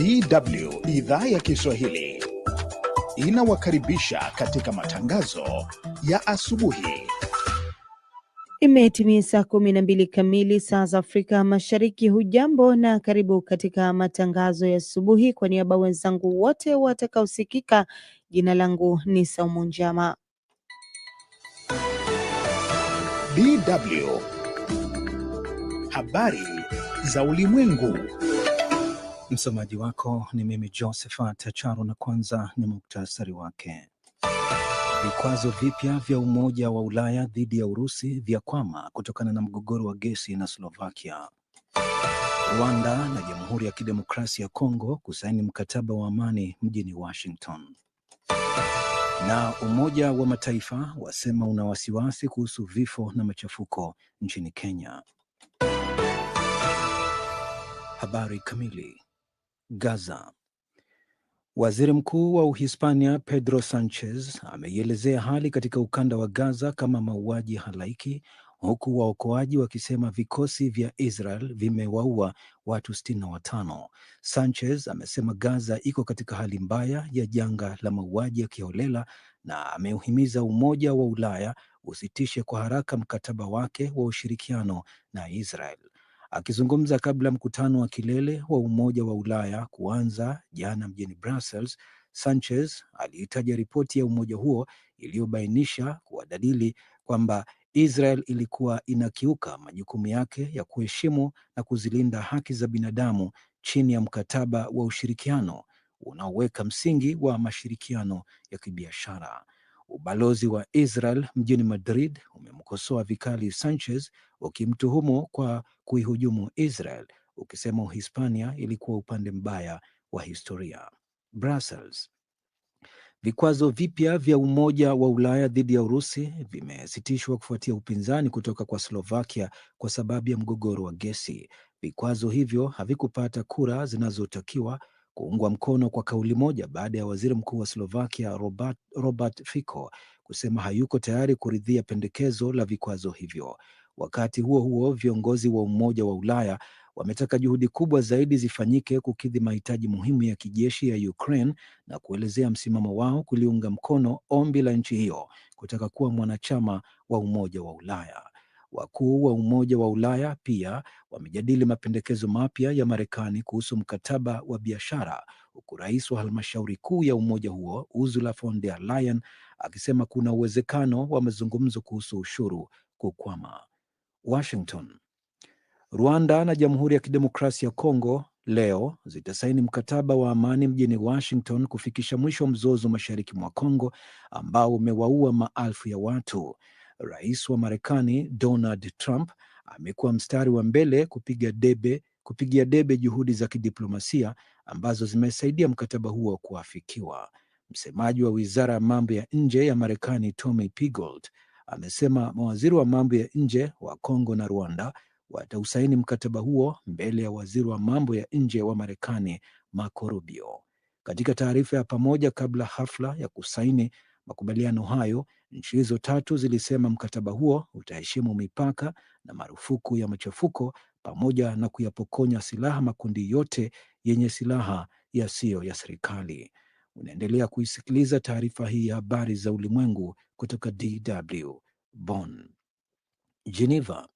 DW idhaa ya Kiswahili inawakaribisha katika matangazo ya asubuhi. Imetimia saa kumi na mbili kamili saa za Afrika Mashariki. Hujambo na karibu katika matangazo ya asubuhi. Kwa niaba wenzangu wote watakaosikika, jina langu ni Saumu Njama. DW habari za ulimwengu Msomaji wako ni mimi Josephat Charo, na kwanza ni muktasari wake. Vikwazo vipya vya Umoja wa Ulaya dhidi ya Urusi vyakwama kutokana na mgogoro wa gesi na Slovakia. Rwanda na Jamhuri ya Kidemokrasia ya Kongo kusaini mkataba wa amani mjini Washington. Na Umoja wa Mataifa wasema una wasiwasi kuhusu vifo na machafuko nchini Kenya. Habari kamili. Gaza. Waziri Mkuu wa Uhispania Pedro Sanchez ameielezea hali katika ukanda wa Gaza kama mauaji halaiki, huku waokoaji wakisema vikosi vya Israel vimewaua watu sitini na watano. Sanchez amesema Gaza iko katika hali mbaya ya janga la mauaji ya kiholela na ameuhimiza Umoja wa Ulaya usitishe kwa haraka mkataba wake wa ushirikiano na Israel. Akizungumza kabla mkutano wa kilele wa Umoja wa Ulaya kuanza jana mjini Brussels, Sanchez aliitaja ripoti ya umoja huo iliyobainisha kuwa dalili kwamba Israel ilikuwa inakiuka majukumu yake ya kuheshimu na kuzilinda haki za binadamu chini ya mkataba wa ushirikiano unaoweka msingi wa mashirikiano ya kibiashara. Ubalozi wa Israel mjini Madrid umemkosoa vikali Sanchez ukimtuhumu kwa kuihujumu Israel ukisema Uhispania ilikuwa upande mbaya wa historia. Brussels. Vikwazo vipya vya Umoja wa Ulaya dhidi ya Urusi vimesitishwa kufuatia upinzani kutoka kwa Slovakia kwa sababu ya mgogoro wa gesi. Vikwazo hivyo havikupata kura zinazotakiwa kuungwa mkono kwa kauli moja baada ya waziri mkuu wa Slovakia Robert, Robert Fico kusema hayuko tayari kuridhia pendekezo la vikwazo hivyo. Wakati huo huo, viongozi wa Umoja wa Ulaya wametaka juhudi kubwa zaidi zifanyike kukidhi mahitaji muhimu ya kijeshi ya Ukraine na kuelezea msimamo wao kuliunga mkono ombi la nchi hiyo kutaka kuwa mwanachama wa Umoja wa Ulaya. Wakuu wa Umoja wa Ulaya pia wamejadili mapendekezo mapya ya Marekani kuhusu mkataba wa biashara, huku rais wa halmashauri kuu ya umoja huo Ursula von der Leyen akisema kuna uwezekano wa mazungumzo kuhusu ushuru kukwama. Washington. Rwanda na Jamhuri ya Kidemokrasia ya Kongo leo zitasaini mkataba wa amani mjini Washington kufikisha mwisho mzozo mashariki mwa Kongo ambao umewaua maelfu ya watu. Rais wa Marekani Donald Trump amekuwa mstari wa mbele kupiga debe kupigia debe juhudi za kidiplomasia ambazo zimesaidia mkataba huo kuafikiwa. Msemaji wa wizara ya mambo ya nje ya Marekani Tommy Pigold amesema mawaziri wa mambo ya nje wa Kongo na Rwanda watausaini mkataba huo mbele ya waziri wa mambo ya nje wa Marekani Marco Rubio. Katika taarifa ya pamoja kabla hafla ya kusaini, Makubaliano hayo, nchi hizo tatu zilisema mkataba huo utaheshimu mipaka na marufuku ya machafuko pamoja na kuyapokonya silaha makundi yote yenye silaha yasiyo ya serikali. Unaendelea kuisikiliza taarifa hii ya habari za ulimwengu kutoka DW Bonn. Geneva.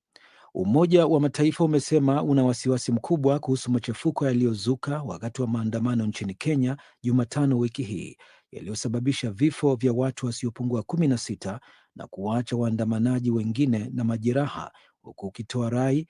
Umoja wa Mataifa umesema una wasiwasi mkubwa kuhusu machafuko yaliyozuka wakati wa maandamano nchini Kenya Jumatano wiki hii yaliyosababisha vifo vya watu wasiopungua kumi na sita na kuwaacha waandamanaji wengine na majeraha, huku ukitoa rai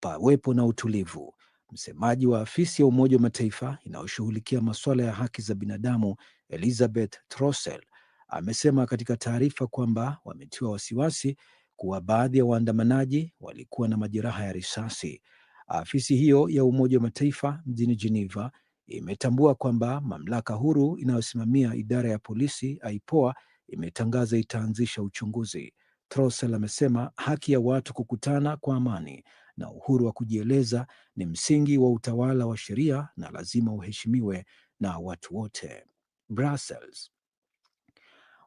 pawepo na utulivu. Msemaji wa afisi ya Umoja wa Mataifa inayoshughulikia masuala ya haki za binadamu Elizabeth Trossel amesema katika taarifa kwamba wametiwa wasiwasi kuwa baadhi ya waandamanaji walikuwa na majeraha ya risasi. Afisi hiyo ya Umoja wa Mataifa mjini Geneva imetambua kwamba mamlaka huru inayosimamia idara ya polisi IPOA imetangaza itaanzisha uchunguzi. Trossel amesema haki ya watu kukutana kwa amani na uhuru wa kujieleza ni msingi wa utawala wa sheria na lazima uheshimiwe na watu wote. Brussels.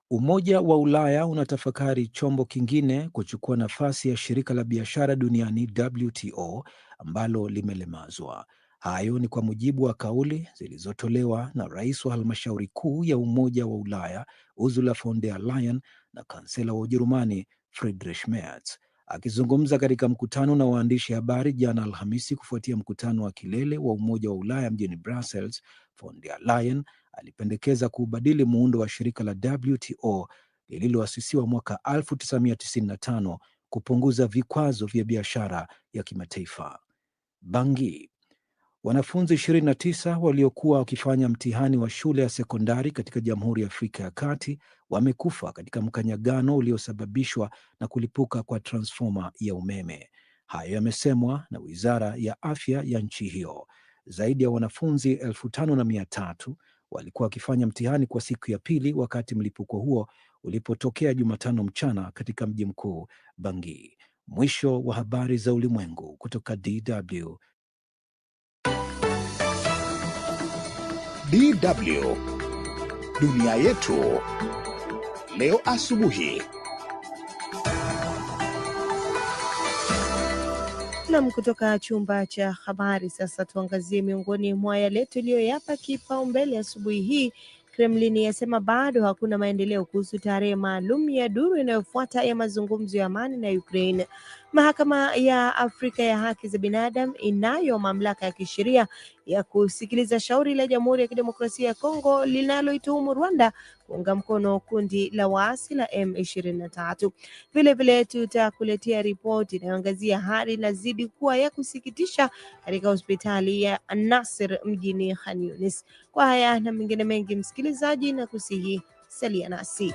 Umoja wa Ulaya unatafakari chombo kingine kuchukua nafasi ya shirika la biashara duniani WTO ambalo limelemazwa. Hayo ni kwa mujibu wa kauli zilizotolewa na rais wa halmashauri kuu ya Umoja wa Ulaya Ursula von der Leyen na kansela wa Ujerumani Friedrich Merz. Akizungumza katika mkutano na waandishi habari jana Alhamisi kufuatia mkutano wa kilele wa Umoja wa Ulaya mjini Brussels, von der Leyen alipendekeza kuubadili muundo wa shirika la WTO lililoasisiwa mwaka 1995 kupunguza vikwazo vya biashara ya kimataifa. Bangi Wanafunzi 29 waliokuwa wakifanya mtihani wa shule ya sekondari katika Jamhuri ya Afrika ya Kati wamekufa katika mkanyagano uliosababishwa na kulipuka kwa transfoma ya umeme. Hayo yamesemwa na Wizara ya Afya ya nchi hiyo. Zaidi ya wanafunzi elfu tano na mia tatu walikuwa wakifanya mtihani kwa siku ya pili wakati mlipuko huo ulipotokea Jumatano mchana katika mji mkuu Bangui. Mwisho wa habari za ulimwengu kutoka DW DW dunia yetu leo asubuhi. Nam kutoka chumba cha habari. Sasa tuangazie miongoni mwa yale tuliyoyapa kipaumbele asubuhi hii. Kremlin yasema bado hakuna maendeleo kuhusu tarehe maalum ya duru inayofuata ya mazungumzo ya amani na Ukraine. Mahakama ya Afrika ya Haki za Binadamu inayo mamlaka ya kisheria ya kusikiliza shauri la Jamhuri ya Kidemokrasia ya Kongo linaloituhumu Rwanda kuunga mkono kundi la waasi la M23. Vilevile tutakuletea ripoti inayoangazia hali inazidi kuwa ya kusikitisha katika hospitali ya Nasir mjini Khan Kwa haya na mengine mengi, msikilizaji, na kusihi salia nasi.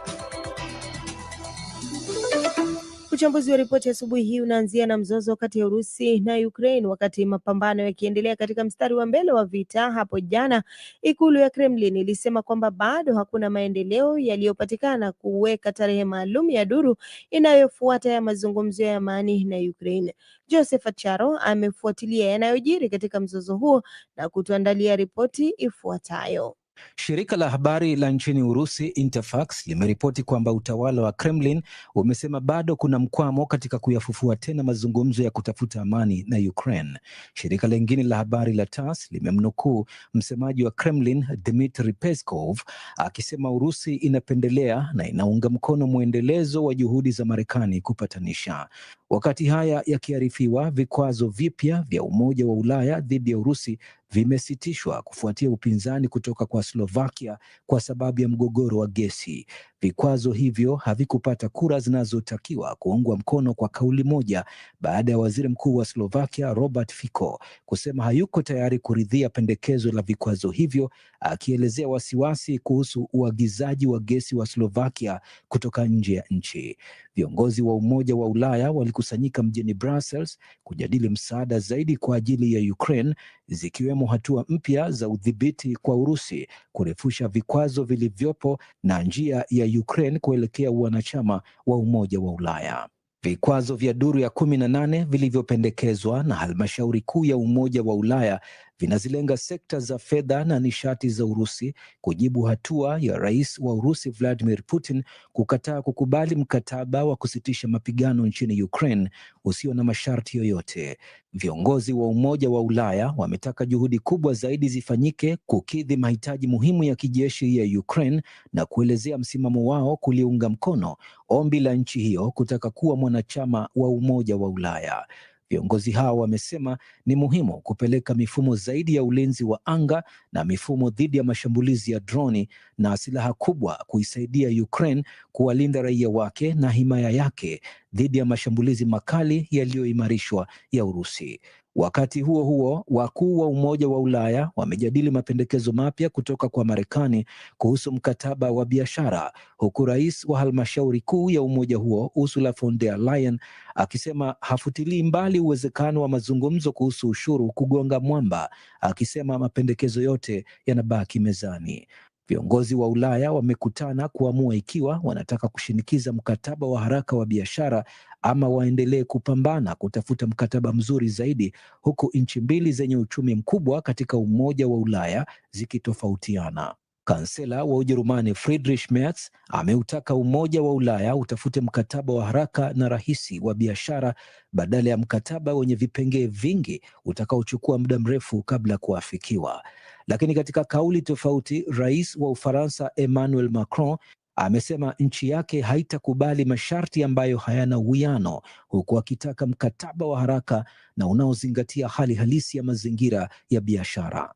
Uchambuzi wa ripoti asubuhi hii unaanzia na mzozo kati ya Urusi na Ukraine, wakati mapambano yakiendelea katika mstari wa mbele wa vita. Hapo jana ikulu ya Kremlin ilisema kwamba bado hakuna maendeleo yaliyopatikana kuweka tarehe maalum ya duru inayofuata ya mazungumzo ya amani na Ukraine. Joseph acharo amefuatilia yanayojiri katika mzozo huo na kutuandalia ripoti ifuatayo. Shirika la habari la nchini Urusi Interfax limeripoti kwamba utawala wa Kremlin umesema bado kuna mkwamo katika kuyafufua tena mazungumzo ya kutafuta amani na Ukraine. Shirika lingine la habari la TASS limemnukuu msemaji wa Kremlin Dmitri Peskov akisema Urusi inapendelea na inaunga mkono mwendelezo wa juhudi za Marekani kupatanisha. Wakati haya yakiarifiwa, vikwazo vipya vya Umoja wa Ulaya dhidi ya Urusi vimesitishwa kufuatia upinzani kutoka kwa Slovakia kwa sababu ya mgogoro wa gesi. Vikwazo hivyo havikupata kura zinazotakiwa kuungwa mkono kwa kauli moja baada ya waziri mkuu wa Slovakia Robert Fico kusema hayuko tayari kuridhia pendekezo la vikwazo hivyo, akielezea wasiwasi kuhusu uagizaji wa gesi wa Slovakia kutoka nje ya nchi. Viongozi wa Umoja wa Ulaya walikusanyika mjini Brussels kujadili msaada zaidi kwa ajili ya Ukraine zikiwemo hatua mpya za udhibiti kwa Urusi, kurefusha vikwazo vilivyopo na njia ya Ukraine kuelekea wanachama wa Umoja wa Ulaya. Vikwazo vya duru ya kumi na nane vilivyopendekezwa na halmashauri kuu ya Umoja wa Ulaya vinazilenga sekta za fedha na nishati za Urusi kujibu hatua ya rais wa Urusi Vladimir Putin kukataa kukubali mkataba wa kusitisha mapigano nchini Ukraine usio na masharti yoyote. Viongozi wa Umoja wa Ulaya wametaka juhudi kubwa zaidi zifanyike kukidhi mahitaji muhimu ya kijeshi ya Ukraine na kuelezea msimamo wao kuliunga mkono ombi la nchi hiyo kutaka kuwa mwanachama wa Umoja wa Ulaya. Viongozi hao wamesema ni muhimu kupeleka mifumo zaidi ya ulinzi wa anga na mifumo dhidi ya mashambulizi ya droni na silaha kubwa kuisaidia Ukraine kuwalinda raia wake na himaya yake dhidi ya mashambulizi makali yaliyoimarishwa ya Urusi. Wakati huo huo, wakuu wa Umoja wa Ulaya wamejadili mapendekezo mapya kutoka kwa Marekani kuhusu mkataba wa biashara, huku rais wa halmashauri kuu ya umoja huo Ursula von der Leyen akisema hafutilii mbali uwezekano wa mazungumzo kuhusu ushuru kugonga mwamba, akisema mapendekezo yote yanabaki mezani. Viongozi wa Ulaya wamekutana kuamua ikiwa wanataka kushinikiza mkataba wa haraka wa biashara ama waendelee kupambana kutafuta mkataba mzuri zaidi, huku nchi mbili zenye uchumi mkubwa katika Umoja wa Ulaya zikitofautiana. Kansela wa Ujerumani Friedrich Merz ameutaka Umoja wa Ulaya utafute mkataba wa haraka na rahisi wa biashara badala ya mkataba wenye vipengee vingi utakaochukua muda mrefu kabla ya kuafikiwa. Lakini katika kauli tofauti, rais wa Ufaransa Emmanuel Macron amesema nchi yake haitakubali masharti ambayo hayana uwiano, huku akitaka mkataba wa haraka na unaozingatia hali halisi ya mazingira ya biashara.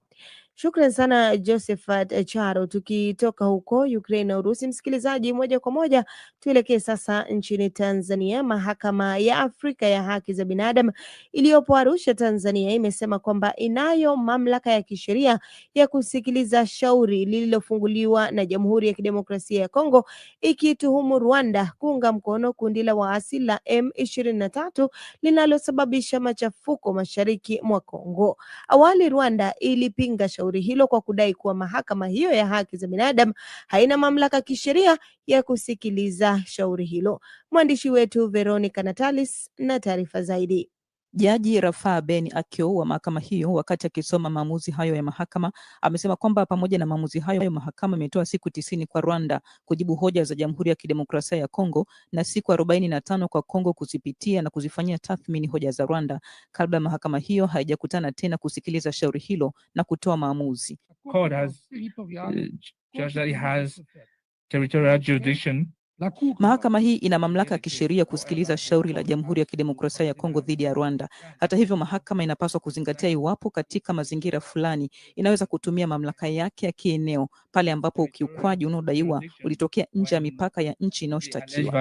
Shukran sana Josephat Charo. Tukitoka huko Ukraine na Urusi, msikilizaji, moja kwa moja tuelekee sasa nchini Tanzania. Mahakama ya Afrika ya Haki za Binadamu iliyopo Arusha, Tanzania, imesema kwamba inayo mamlaka ya kisheria ya kusikiliza shauri lililofunguliwa na Jamhuri ya Kidemokrasia ya Kongo ikituhumu Rwanda kuunga mkono kundi la waasi la M23 linalosababisha machafuko mashariki mwa Kongo. Awali Rwanda ilipinga shauri shauri hilo kwa kudai kuwa mahakama hiyo ya haki za binadamu haina mamlaka kisheria ya kusikiliza shauri hilo. Mwandishi wetu Veronica Natalis na taarifa zaidi. Jaji Rafaa Ben Akio wa mahakama hiyo, wakati akisoma maamuzi hayo ya mahakama, amesema kwamba pamoja na maamuzi hayo ya mahakama imetoa siku tisini kwa Rwanda kujibu hoja za Jamhuri ya Kidemokrasia ya Kongo na siku arobaini na tano kwa Kongo kuzipitia na kuzifanyia tathmini hoja za Rwanda kabla mahakama hiyo haijakutana tena kusikiliza shauri hilo na kutoa maamuzi. Court has, uh, Mahakama hii ina mamlaka ya kisheria kusikiliza shauri la Jamhuri ya Kidemokrasia ya Kongo dhidi ya Rwanda. Hata hivyo, mahakama inapaswa kuzingatia iwapo katika mazingira fulani inaweza kutumia mamlaka yake ya kieneo pale ambapo ukiukwaji unaodaiwa ulitokea nje ya mipaka ya nchi inayoshtakiwa.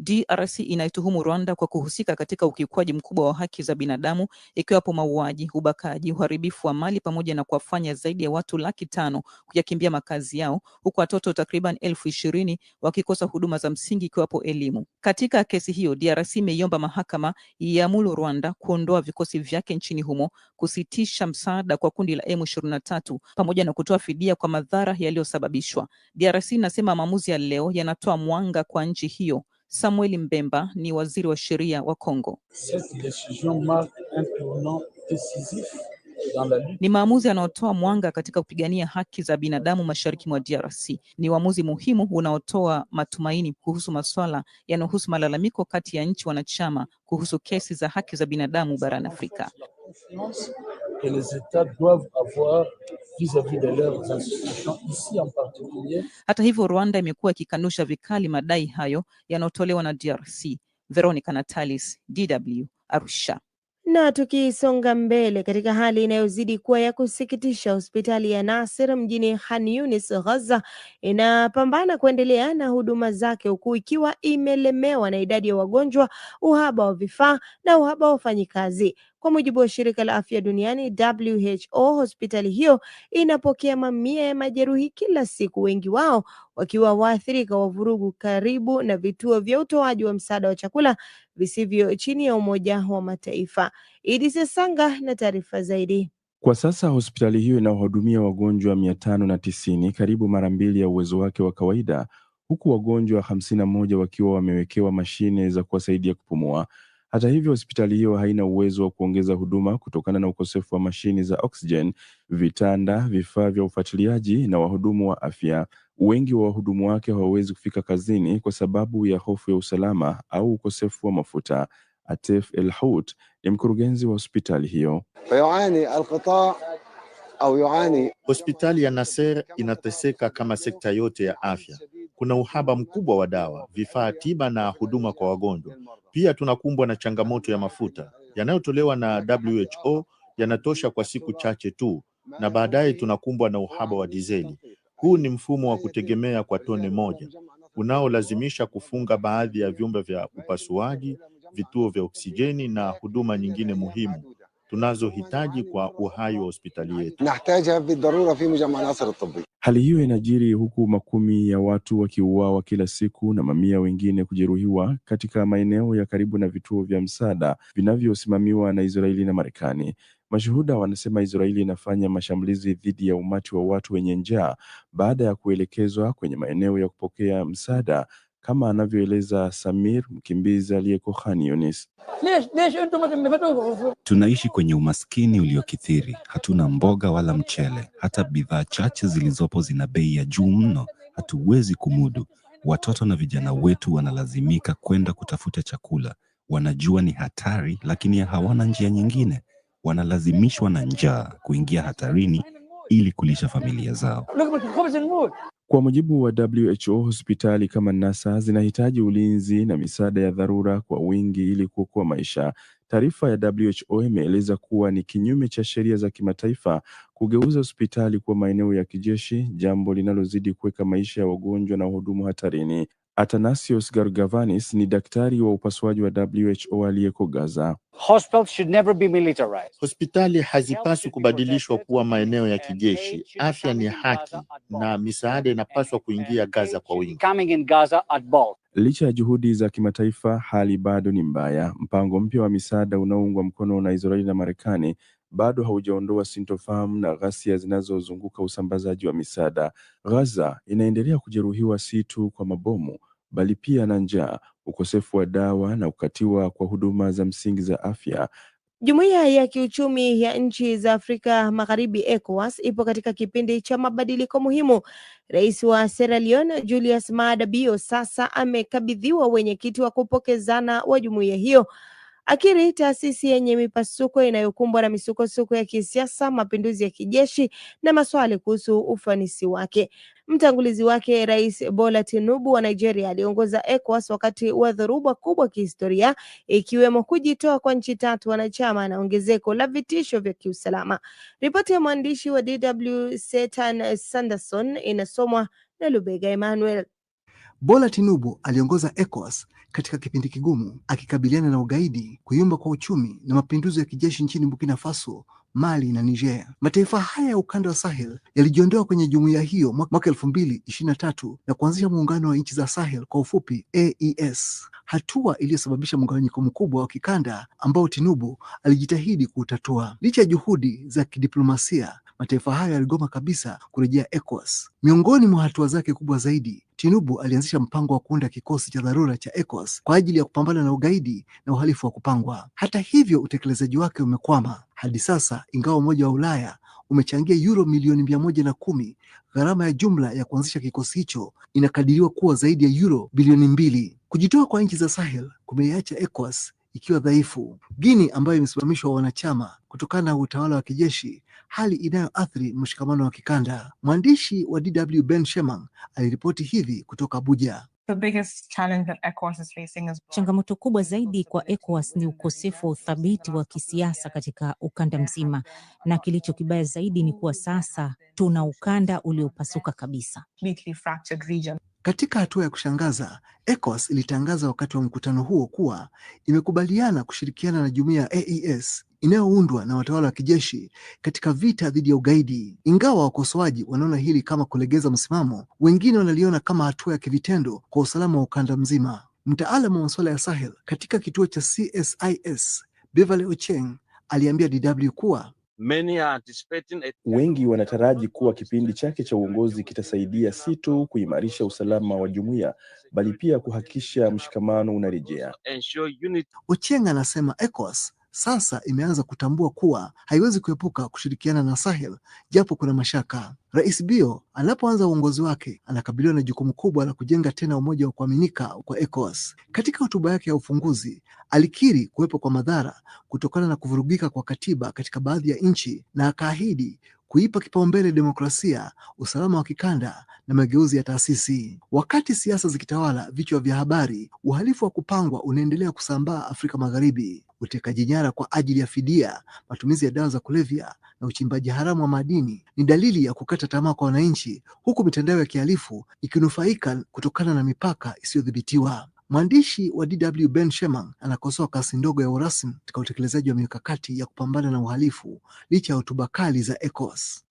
DRC inaituhumu Rwanda kwa kuhusika katika ukiukwaji mkubwa wa haki za binadamu ikiwapo mauaji, ubakaji, uharibifu wa mali pamoja na kuwafanya zaidi ya watu laki tano kuyakimbia makazi yao huku watoto takriban elfu ishirini wakikosa huduma za msingi ikiwapo elimu. Katika kesi hiyo, DRC imeiomba mahakama iamuru Rwanda kuondoa vikosi vyake nchini humo, kusitisha msaada kwa kundi la M23 pamoja na kutoa fidia kwa madhara yaliyosababishwa. DRC inasema maamuzi ya leo yanatoa mwanga kwa nchi hiyo Samuel Mbemba ni waziri wa sheria wa Kongo. Ni maamuzi yanayotoa mwanga katika kupigania haki za binadamu mashariki mwa DRC. Ni uamuzi muhimu unaotoa matumaini kuhusu masuala yanayohusu malalamiko kati ya nchi wanachama kuhusu kesi za haki za binadamu barani Afrika que les États doivent avoir vis-à-vis de leurs institutions, ici en particulier. Hata hivyo, Rwanda imekuwa ikikanusha vikali madai hayo yanayotolewa na DRC. Veronica Natalis, DW, Arusha. Na tukisonga mbele katika hali inayozidi kuwa ya kusikitisha, hospitali ya Nasir mjini Khan Yunis, Gaza, inapambana kuendelea na huduma zake huku ikiwa imelemewa na idadi ya wagonjwa, uhaba wa vifaa na uhaba wa wafanyikazi. Kwa mujibu wa shirika la afya duniani WHO, hospitali hiyo inapokea mamia ya majeruhi kila siku, wengi wao wakiwa waathirika wa vurugu karibu na vituo vya utoaji wa msaada wa chakula visivyo chini ya Umoja wa Mataifa. Idi Sesanga na taarifa zaidi. Kwa sasa hospitali hiyo inawahudumia wagonjwa mia tano na tisini, karibu mara mbili ya uwezo wake wa kawaida, huku wagonjwa hamsini na moja wakiwa wamewekewa mashine za kuwasaidia kupumua. Hata hivyo, hospitali hiyo haina uwezo wa kuongeza huduma kutokana na ukosefu wa mashini za oksijeni, vitanda, vifaa vya ufuatiliaji na wahudumu wa afya. Wengi wa wahudumu wake hawawezi kufika kazini kwa sababu ya hofu ya usalama au ukosefu wa mafuta. Atef El Hout ni mkurugenzi wa hospitali hiyo. Hospitali ya Nasser inateseka kama sekta yote ya afya kuna uhaba mkubwa wa dawa, vifaa tiba na huduma kwa wagonjwa. Pia tunakumbwa na changamoto ya mafuta yanayotolewa na WHO yanatosha kwa siku chache tu, na baadaye tunakumbwa na uhaba wa dizeli. Huu ni mfumo wa kutegemea kwa tone moja unaolazimisha kufunga baadhi ya vyumba vya upasuaji, vituo vya oksijeni na huduma nyingine muhimu tunazohitaji kwa uhai wa hospitali yetu. Hali hiyo inajiri huku makumi ya watu wakiuawa kila siku na mamia wengine kujeruhiwa katika maeneo ya karibu na vituo vya msaada vinavyosimamiwa na Israeli na Marekani. Mashuhuda wanasema Israeli inafanya mashambulizi dhidi ya umati wa watu wenye njaa baada ya kuelekezwa kwenye maeneo ya kupokea msaada kama anavyoeleza Samir, mkimbizi aliyeko Khan Tunaishi kwenye umaskini uliokithiri, hatuna mboga wala mchele, hata bidhaa chache zilizopo zina bei ya juu mno, hatuwezi kumudu. Watoto na vijana wetu wanalazimika kwenda kutafuta chakula. Wanajua ni hatari, lakini hawana njia nyingine. Wanalazimishwa na njaa kuingia hatarini ili kulisha familia zao. Kwa mujibu wa WHO, hospitali kama Nasa zinahitaji ulinzi na misaada ya dharura kwa wingi ili kuokoa maisha. Taarifa ya WHO imeeleza kuwa ni kinyume cha sheria za kimataifa kugeuza hospitali kuwa maeneo ya kijeshi, jambo linalozidi kuweka maisha ya wagonjwa na wahudumu hatarini. Athanasios Gargavanis ni daktari wa upasuaji wa WHO aliyeko Gaza. Hospitali hazipaswi kubadilishwa kuwa maeneo ya kijeshi. Afya ni haki na misaada inapaswa kuingia Gaza kwa wingi. Licha ya juhudi za kimataifa, hali bado ni mbaya. Mpango mpya wa misaada unaoungwa mkono na Israeli na Marekani bado haujaondoa sintofahamu na ghasia zinazozunguka usambazaji wa misaada. Gaza inaendelea kujeruhiwa si tu kwa mabomu bali pia na njaa, ukosefu wa dawa na kukatiwa kwa huduma za msingi za afya. Jumuiya ya kiuchumi ya nchi za Afrika Magharibi ECOWAS ipo katika kipindi cha mabadiliko muhimu. Rais wa Sierra Leone Julius Maada Bio sasa amekabidhiwa wenyekiti wa kupokezana wa jumuiya hiyo akiri taasisi yenye mipasuko inayokumbwa na misukosuko ya kisiasa, mapinduzi ya kijeshi na maswali kuhusu ufanisi wake. Mtangulizi wake Rais Bola Tinubu wa Nigeria aliongoza ECOWAS wakati wa dhoruba kubwa kihistoria, ikiwemo kujitoa kwa nchi tatu wanachama na ongezeko la vitisho vya kiusalama. Ripoti ya mwandishi wa DW Setan Sanderson inasomwa na Lubega Emmanuel. Bola Tinubu aliongoza ECOWAS katika kipindi kigumu akikabiliana na ugaidi, kuyumba kwa uchumi na mapinduzi ya kijeshi nchini Burkina Faso, Mali na Niger. Mataifa haya ya ukanda wa Sahel yalijiondoa kwenye jumuiya hiyo mwaka elfu mbili ishirini na tatu na kuanzisha muungano wa nchi za Sahel, kwa ufupi AES, hatua iliyosababisha mgawanyiko mkubwa wa kikanda ambao Tinubu alijitahidi kuutatua. Licha ya juhudi za kidiplomasia mataifa hayo yaligoma kabisa kurejea ECOWAS. Miongoni mwa hatua zake kubwa zaidi, Tinubu alianzisha mpango wa kuunda kikosi cha dharura cha ECOWAS kwa ajili ya kupambana na ugaidi na uhalifu wa kupangwa. Hata hivyo, utekelezaji wake umekwama hadi sasa, ingawa Umoja wa Ulaya umechangia euro milioni mia moja na kumi. Gharama ya jumla ya kuanzisha kikosi hicho inakadiriwa kuwa zaidi ya euro bilioni mbili. Kujitoa kwa nchi za Sahel kumeiacha ECOWAS ikiwa dhaifu. Guini ambayo imesimamishwa wanachama kutokana na utawala wa kijeshi hali inayoathiri mshikamano wa kikanda. Mwandishi wa DW Ben Shemang aliripoti hivi kutoka Abuja. Changamoto kubwa zaidi kwa ECOWAS ni ukosefu wa uthabiti wa kisiasa katika ukanda mzima, na kilicho kibaya zaidi ni kuwa sasa tuna ukanda uliopasuka kabisa. Katika hatua ya kushangaza, ECOWAS ilitangaza wakati wa mkutano huo kuwa imekubaliana kushirikiana na jumuiya ya AES inayoundwa na watawala wa kijeshi katika vita dhidi ya ugaidi. Ingawa wakosoaji wanaona hili kama kulegeza msimamo, wengine wanaliona kama hatua ya kivitendo kwa usalama wa ukanda mzima. Mtaalamu wa masuala ya Sahel katika kituo cha CSIS Beverly Ocheng aliambia DW kuwa wengi wanataraji kuwa kipindi chake cha uongozi kitasaidia si tu kuimarisha usalama wa jumuiya bali pia kuhakikisha mshikamano unarejea. Ocheng anasema ECOWAS sasa imeanza kutambua kuwa haiwezi kuepuka kushirikiana na Sahel japo kuna mashaka. Rais Bio anapoanza uongozi wake anakabiliwa na jukumu kubwa la kujenga tena umoja wa kuaminika kwa ECOWAS. Katika hotuba yake ya ufunguzi, alikiri kuwepo kwa madhara kutokana na kuvurugika kwa katiba katika baadhi ya nchi na akaahidi kuipa kipaumbele demokrasia, usalama wa kikanda na mageuzi ya taasisi. Wakati siasa zikitawala vichwa vya habari, uhalifu wa kupangwa unaendelea kusambaa Afrika Magharibi utekaji nyara kwa ajili ya fidia, matumizi ya dawa za kulevya na uchimbaji haramu wa madini ni dalili ya kukata tamaa kwa wananchi, huku mitandao ya kihalifu ikinufaika kutokana na mipaka isiyodhibitiwa. Mwandishi wa DW Ben sheman anakosoa kasi ndogo ya urasmi katika utekelezaji wa mikakati ya kupambana na uhalifu licha ya hotuba kali za ECOWAS.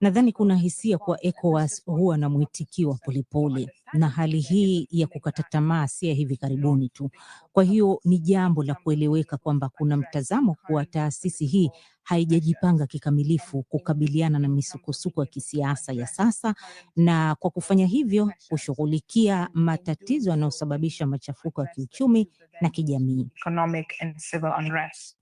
Nadhani kuna hisia kuwa ECOWAS huwa na mwitikio wa polepole na hali hii ya kukata tamaa si ya hivi karibuni tu. Kwa hiyo ni jambo la kueleweka kwamba kuna mtazamo kuwa taasisi hii haijajipanga kikamilifu kukabiliana na misukosuko ya kisiasa ya sasa, na kwa kufanya hivyo kushughulikia matatizo yanayosababisha machafuko ya kiuchumi na kijamii.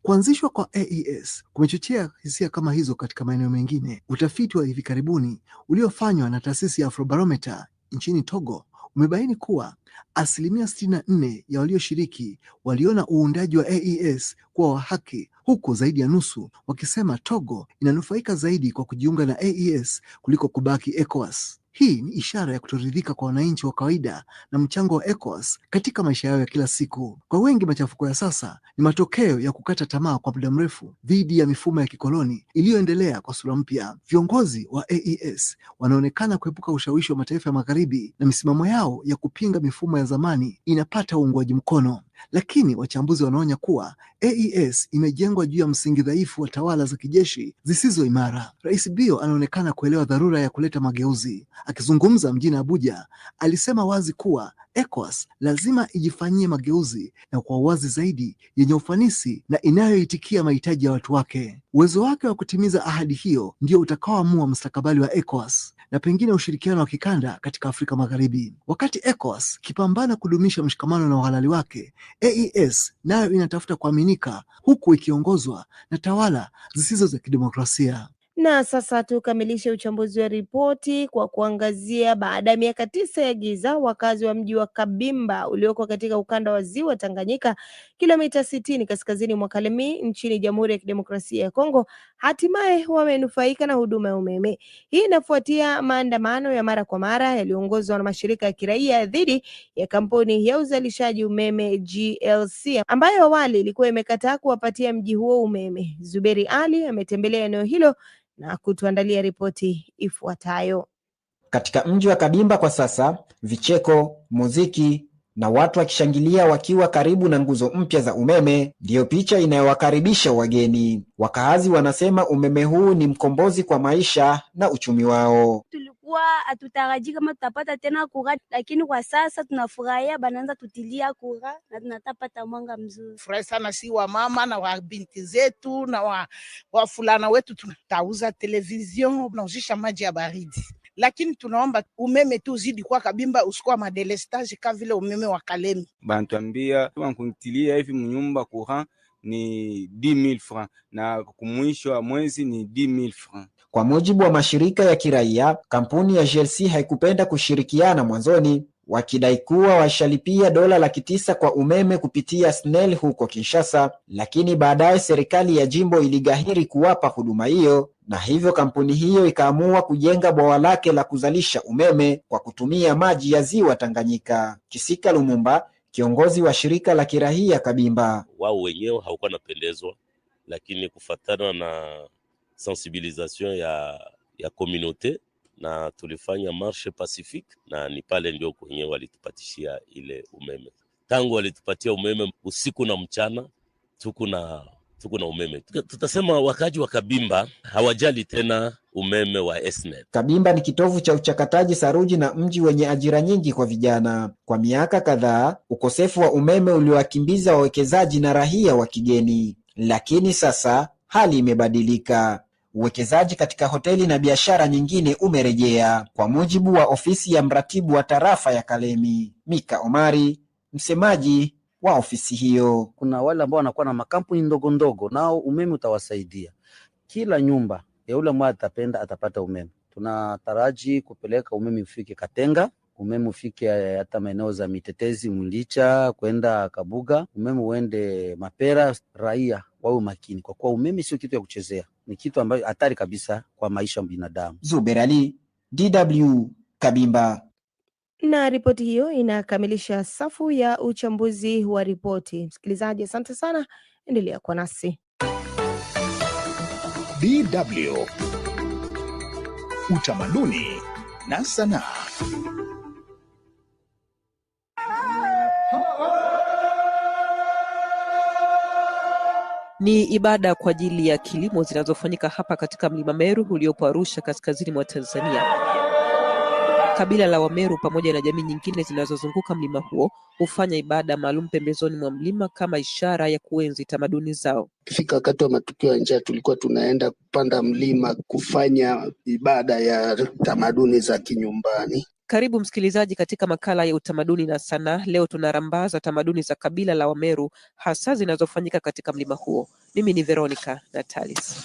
Kuanzishwa kwa AES kumechochea hisia kama hizo katika maeneo mengine. Utafiti wa hivi karibuni uliofanywa na taasisi ya Afrobarometer nchini Togo umebaini kuwa asilimia 64 nne ya walioshiriki waliona uundaji wa AES kuwa wa haki, huku zaidi ya nusu wakisema Togo inanufaika zaidi kwa kujiunga na AES kuliko kubaki ECOWAS. Hii ni ishara ya kutoridhika kwa wananchi wa kawaida na mchango wa ECOWAS katika maisha yao ya kila siku. Kwa wengi, machafuko ya sasa ni matokeo ya kukata tamaa kwa muda mrefu dhidi ya mifumo ya kikoloni iliyoendelea kwa sura mpya. Viongozi wa AES wanaonekana kuepuka ushawishi wa mataifa ya magharibi na misimamo yao ya kupinga mifumo ya zamani inapata uungwaji mkono lakini wachambuzi wanaonya kuwa AES imejengwa juu ya msingi dhaifu wa tawala za kijeshi zisizo imara. Rais Bio anaonekana kuelewa dharura ya kuleta mageuzi. Akizungumza mjini Abuja, alisema wazi kuwa ECOWAS lazima ijifanyie mageuzi na kwa uwazi zaidi, yenye ufanisi na inayoitikia mahitaji ya watu wake. Uwezo wake wa kutimiza ahadi hiyo ndio utakaoamua mustakabali wa ECOWAS na pengine ushirikiano wa kikanda katika Afrika Magharibi. Wakati ECOWAS ikipambana kudumisha mshikamano na uhalali wake, AES nayo inatafuta kuaminika, huku ikiongozwa na tawala zisizo za kidemokrasia. Na sasa tukamilishe uchambuzi wa ripoti kwa kuangazia baada ya miaka tisa ya giza, wakazi wa mji wa Kabimba ulioko katika ukanda wa ziwa Tanganyika, kilomita sitini kaskazini mwa Kalemie nchini Jamhuri ya Kidemokrasia ya Kongo, hatimaye wamenufaika na huduma ya umeme. Hii inafuatia maandamano ya mara kwa mara yaliyoongozwa na mashirika ya kiraia dhidi ya kampuni ya uzalishaji umeme GLC ambayo awali ilikuwa imekataa kuwapatia mji huo umeme. Zuberi Ali ametembelea eneo hilo na kutuandalia ripoti ifuatayo. Katika mji wa Kadimba kwa sasa, vicheko, muziki na watu wakishangilia wakiwa karibu na nguzo mpya za umeme ndiyo picha inayowakaribisha wageni. Wakaazi wanasema umeme huu ni mkombozi kwa maisha na uchumi wao tulikuwa hatutaraji kama tutapata tena kura, lakini kwa sasa tunafurahia, banaanza tutilia kura na tunatapata mwanga mzuri. Furahi sana si wa mama na wa binti zetu na wa, wa fulana wetu, tutauza televizion nauzisha maji ya baridi lakini tunaomba umeme tu uzidi kwa kabimba usikuwa madelestage ka vile umeme wa Kalemi bantuambia wankuntilia hivi mnyumba kuran ni 10000 francs na kumwisho wa mwezi ni 10000 francs. Kwa mujibu wa mashirika ya kiraia, kampuni ya GLC haikupenda kushirikiana mwanzoni, wakidai kuwa washalipia dola laki tisa kwa umeme kupitia SNEL huko Kinshasa, lakini baadaye serikali ya jimbo iligahiri kuwapa huduma hiyo na hivyo kampuni hiyo ikaamua kujenga bwawa lake la kuzalisha umeme kwa kutumia maji ya ziwa Tanganyika. Kisika Lumumba, Kiongozi wa shirika la kirahia Kabimba, wao wenyewe hawakuwa napendezwa, lakini kufatana na sensibilisation ya ya komunote na tulifanya marche pacifique, na ni pale ndio kwenyewe walitupatishia ile umeme. Tangu walitupatia umeme usiku na mchana tuku na tuko na umeme, tutasema wakaaji wa Kabimba hawajali tena umeme wa Esnet. Kabimba ni kitovu cha uchakataji saruji na mji wenye ajira nyingi kwa vijana. Kwa miaka kadhaa, ukosefu wa umeme uliowakimbiza wawekezaji na raia wa kigeni, lakini sasa hali imebadilika. Uwekezaji katika hoteli na biashara nyingine umerejea, kwa mujibu wa ofisi ya mratibu wa tarafa ya Kalemi. Mika Omari, msemaji wa ofisi hiyo. Kuna wale ambao wanakuwa na makampuni ndogo ndogo, nao umeme utawasaidia. Kila nyumba ya yule ambaye atapenda atapata umeme. Tunataraji kupeleka umeme ufike Katenga, umeme ufike hata maeneo za Mitetezi, Mlicha kwenda Kabuga, umeme uende Mapera. Raia wawe makini, kwa kuwa umeme sio kitu ya kuchezea, ni kitu ambayo hatari kabisa kwa maisha ya binadamu. Zuberali, DW, Kabimba. Na ripoti hiyo inakamilisha safu ya uchambuzi wa ripoti. Msikilizaji, asante sana, endelea kuwa nasi. DW Utamaduni na Sanaa. Ni ibada kwa ajili ya kilimo zinazofanyika hapa katika mlima Meru uliopo Arusha, kaskazini mwa Tanzania. Kabila la Wameru pamoja na jamii nyingine zinazozunguka mlima huo hufanya ibada maalum pembezoni mwa mlima kama ishara ya kuenzi tamaduni zao. Ikifika wakati wa matukio ya njaa, tulikuwa tunaenda kupanda mlima kufanya ibada ya tamaduni za kinyumbani. Karibu msikilizaji, katika makala ya utamaduni na sanaa. Leo tunarambaza tamaduni za kabila la Wameru, hasa zinazofanyika katika mlima huo. Mimi ni Veronica Natalis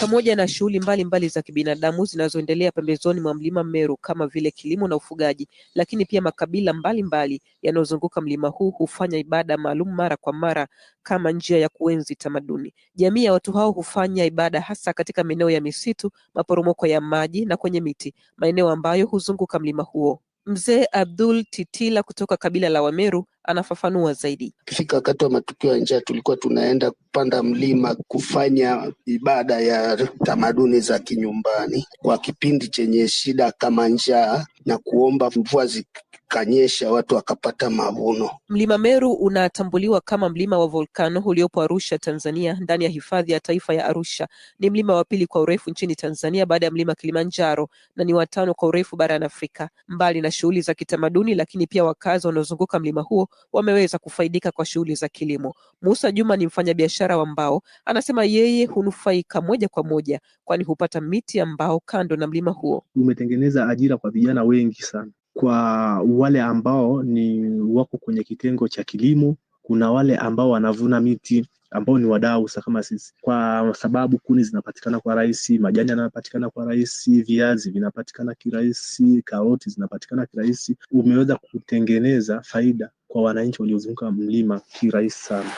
pamoja na shughuli mbalimbali za kibinadamu zinazoendelea pembezoni mwa mlima Meru kama vile kilimo na ufugaji, lakini pia makabila mbalimbali yanayozunguka mlima huu hufanya ibada maalum mara kwa mara kama njia ya kuenzi tamaduni. Jamii ya watu hao hufanya ibada hasa katika maeneo ya misitu, maporomoko ya maji na kwenye miti, maeneo ambayo huzunguka mlima huo. Mzee Abdul Titila kutoka kabila la Wameru anafafanua zaidi. Kifika wakati wa matukio ya njaa, tulikuwa tunaenda kupanda mlima kufanya ibada ya tamaduni za kinyumbani kwa kipindi chenye shida kama njaa na kuomba mvua zikanyesha, watu wakapata mavuno. Mlima Meru unatambuliwa kama mlima wa volkano uliopo Arusha, Tanzania, ndani ya hifadhi ya taifa ya Arusha. Ni mlima wa pili kwa urefu nchini Tanzania baada ya mlima Kilimanjaro na ni watano kwa urefu barani Afrika. Mbali na shughuli za kitamaduni, lakini pia wakazi wanaozunguka mlima huo wameweza kufaidika kwa shughuli za kilimo. Musa Juma ni mfanyabiashara wa mbao, anasema yeye hunufaika moja kwa moja, kwani hupata miti ya mbao kando na mlima huo. Umetengeneza ajira kwa vijana wengi sana, kwa wale ambao ni wako kwenye kitengo cha kilimo. Kuna wale ambao wanavuna miti ambao ni wadau kama sisi, kwa sababu kuni zinapatikana kwa rahisi, majani yanapatikana kwa rahisi, viazi vinapatikana kirahisi, karoti zinapatikana kirahisi. Umeweza kutengeneza faida kwa wananchi waliozunguka mlima kirahisi sana.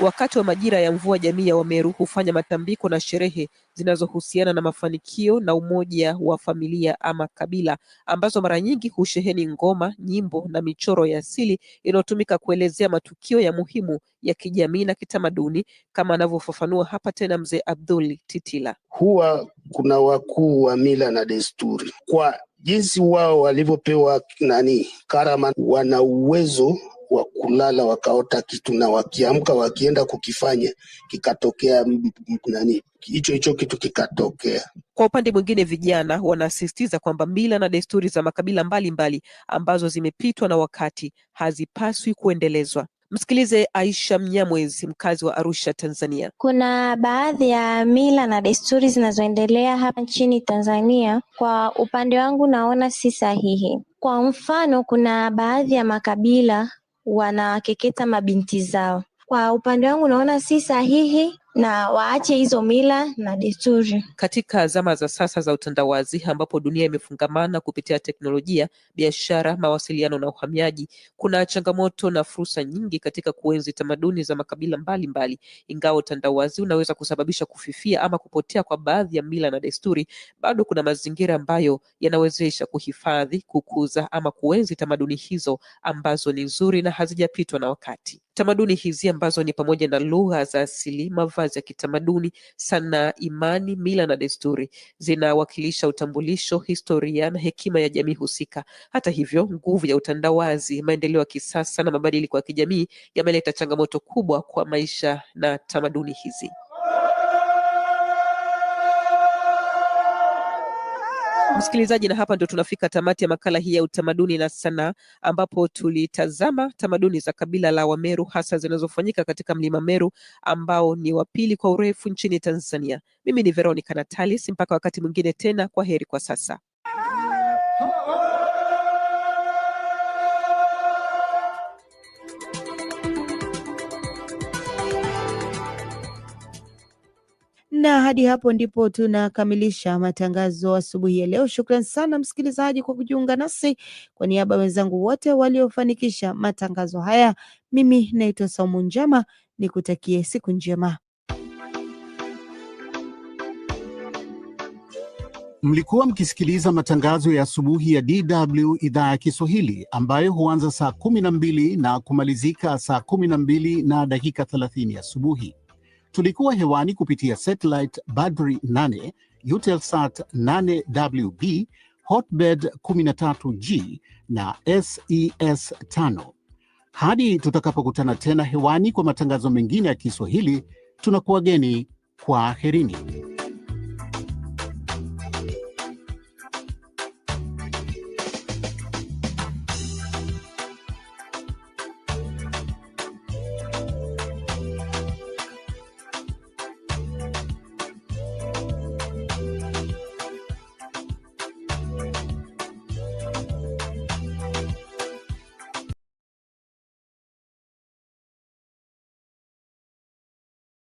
Wakati wa majira ya mvua, jamii ya Wameru hufanya matambiko na sherehe zinazohusiana na mafanikio na umoja wa familia ama kabila, ambazo mara nyingi husheheni ngoma, nyimbo na michoro ya asili inayotumika kuelezea matukio ya muhimu ya kijamii na kitamaduni, kama anavyofafanua hapa tena Mzee Abdul Titila. Huwa kuna wakuu wa mila na desturi kwa jinsi wao walivyopewa nani karama, wana uwezo wa kulala wakaota kitu na wakiamka wakienda kukifanya kikatokea nani hicho hicho kitu kikatokea. Kwa upande mwingine, vijana wanasisitiza kwamba mila na desturi za makabila mbalimbali mbali, ambazo zimepitwa na wakati hazipaswi kuendelezwa. Msikilize Aisha Mnyamwezi, mkazi wa Arusha, Tanzania. Kuna baadhi ya mila na desturi zinazoendelea hapa nchini Tanzania, kwa upande wangu naona si sahihi. Kwa mfano, kuna baadhi ya makabila wanawakeketa mabinti zao, kwa upande wangu naona si sahihi na waache hizo mila na desturi. Katika zama za sasa za utandawazi, ambapo dunia imefungamana kupitia teknolojia, biashara, mawasiliano na uhamiaji, kuna changamoto na fursa nyingi katika kuenzi tamaduni za makabila mbalimbali mbali. Ingawa utandawazi unaweza kusababisha kufifia ama kupotea kwa baadhi ya mila na desturi, bado kuna mazingira ambayo yanawezesha kuhifadhi, kukuza ama kuenzi tamaduni hizo ambazo ni nzuri na hazijapitwa na wakati. Tamaduni hizi ambazo ni pamoja na lugha za asili, mavazi mavazi ya kitamaduni, sanaa, imani, mila na desturi. Zinawakilisha utambulisho, historia na hekima ya jamii husika. Hata hivyo, nguvu ya utandawazi, maendeleo ya kisasa na mabadiliko ya kijamii yameleta changamoto kubwa kwa maisha na tamaduni hizi. Msikilizaji, na hapa ndio tunafika tamati ya makala hii ya utamaduni na sanaa, ambapo tulitazama tamaduni za kabila la Wameru hasa zinazofanyika katika mlima Meru ambao ni wa pili kwa urefu nchini Tanzania. Mimi ni Veronica Natalis, mpaka wakati mwingine tena, kwa heri kwa sasa. na hadi hapo ndipo tunakamilisha matangazo asubuhi ya leo. Shukran sana msikilizaji kwa kujiunga nasi. Kwa niaba ya wenzangu wote waliofanikisha matangazo haya, mimi naitwa Saumu Njama, nikutakie siku njema. Mlikuwa mkisikiliza matangazo ya asubuhi ya DW idhaa ya Kiswahili ambayo huanza saa 12 na kumalizika saa 12 na dakika 30 asubuhi. Tulikuwa hewani kupitia satellite Badri 8, Eutelsat 8WB, Hotbird 13G na SES 5. E Hadi tutakapokutana tena hewani kwa matangazo mengine ya Kiswahili, tunakuwageni kwa herini.